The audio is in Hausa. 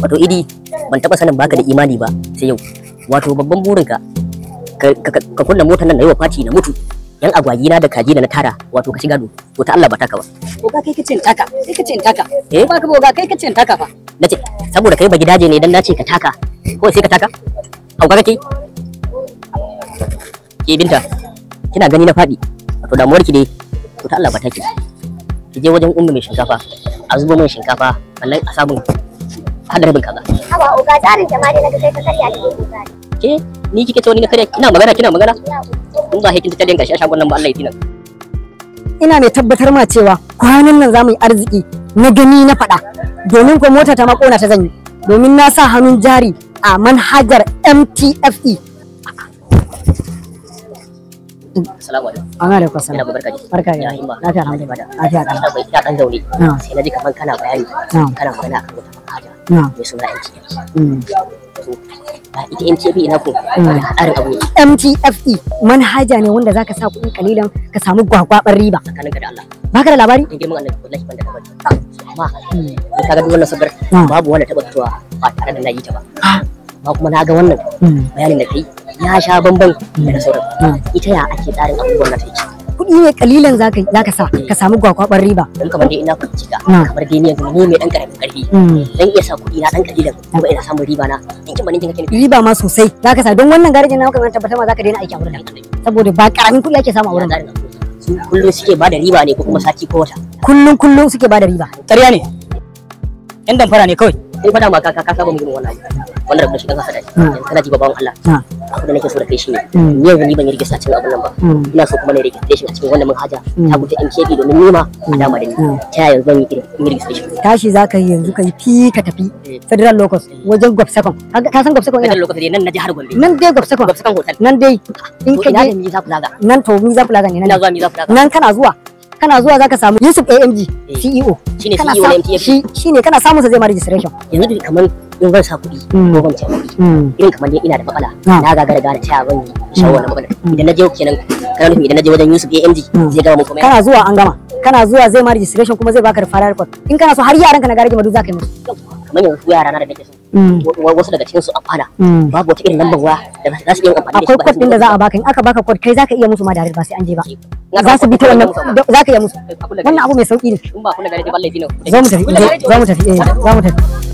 wato idi ban taba sanin baka da imani ba sai yau wato babban burinka ka kunna motar nan na yi wa fati na mutu yan agwagi na da kaji na tara wato ka shiga do to ta Allah ba taka ba ko ka kai kace in taka kai kace in taka eh ba ka boga kai kace in taka fa nace saboda kai ba gidaje ne dan nace ka taka ko sai ka taka au ka kake ke binta kina gani na fadi wato damuwar ki ne to ta Allah ba taki ki je wajen ummi mai shinkafa a zuba mai shinkafa wallahi a samu hada kaza haba tsarin karya ke ni kike to na karya kina magana kina magana in ba hekin tattalin gashi a shagon nan ba Allah ya tina ina mai tabbatar ma cewa kwanan nan za mu yi arziki na gani na fada domin ko mota ta ma ta zanyi domin na sa hannun jari a manhajar MTFE Assalamu alaikum. ji. Barka ji. Lafiya alhamdulillah. Lafiya alhamdulillah. Ya dan zaune. Ah. Sai na ji kana bayani. Kana akan wata mai suna MTFE ina ko haɗarin mm. abu MTFE manhaja ne wanda zaka sa kuɗi kalilan ka samu gwagwabar riba tsakaninka da Allah baka da labari in dai Allah wallahi ban da labari ah. amma in duk wannan sabar ah. babu wanda fitowa ba tare da nayi ta ba ah. ba kuma na ga wannan mm. bayanin da ya sha bamban da mm. sauran ita ya ake tsarin abubuwan da kuɗi ne kalilan za ka sa ka samu gwagwabar riba dan kamar dai ina kuɗi ka kamar dai ni yanzu ni mai dan karamin karfi dan mm. iya sa kuɗi na dan kalilan kuma ina samun riba na in kin banin kake riba ma sosai za ka sa don wannan garejin na kamar tabbata ma za ka daina aiki a wurin saboda ba karamin kuɗi ake samu a wurin kullum suke bada riba ne ko kuma sati ko wata kullum kullum suke bada riba ƙarya ne yan damfara ne kawai sai fada ma ka ka saba mu wannan wanda kuma shi dan hasada yanzu kana ji babawan Allah mm. abu da nake so da kai shine ni mm. yanzu ni ban yi rigista cikin abun nan ba mm. ina so kuma na registration a cikin wannan manhaja ta gudu guta MKB domin nima a dama da ni ta yanzu ban yi registration tashi zaka yi yanzu kai fi ka tafi eh. federal locus wajen gwab sakon ka san Federal ina locus nan na jihar Gombe nan dai gwab Gwab sakon hotel nan dai in ka je mi za laga nan to mi za laga ne nan zuwa mi za laga nan kana zuwa kana zuwa zaka samu Yusuf AMG eh. CEO shine CEO na MTF shine kana samu sa zai ma registration yanzu kamar in zan sa kuɗi ko ban sa kuɗi mm. irin kamar dai ina da matsala ah. na ga gargara ta ban shawara mm. matsala idan na je kenan kana nufi idan na je wajen Yusuf AMG mm. zai gama mu komai kana zuwa an gama kana zuwa zai ma registration kuma zai baka referral code in kana so har yaran ka na garage madu za ka yi musu kamar yanzu yara na da nake so wasu daga cikin su amfana babu wata irin lambar waya da za su iya amfani da shi akwai code din da za a baka in aka baka code kai zaka iya musu ma direct ba sai an je ba za su bi ta wannan zaka iya musu wannan abu mai sauki ne in ba kula garage ba ballai ne za mu tafi za mu tafi eh, za mu tafi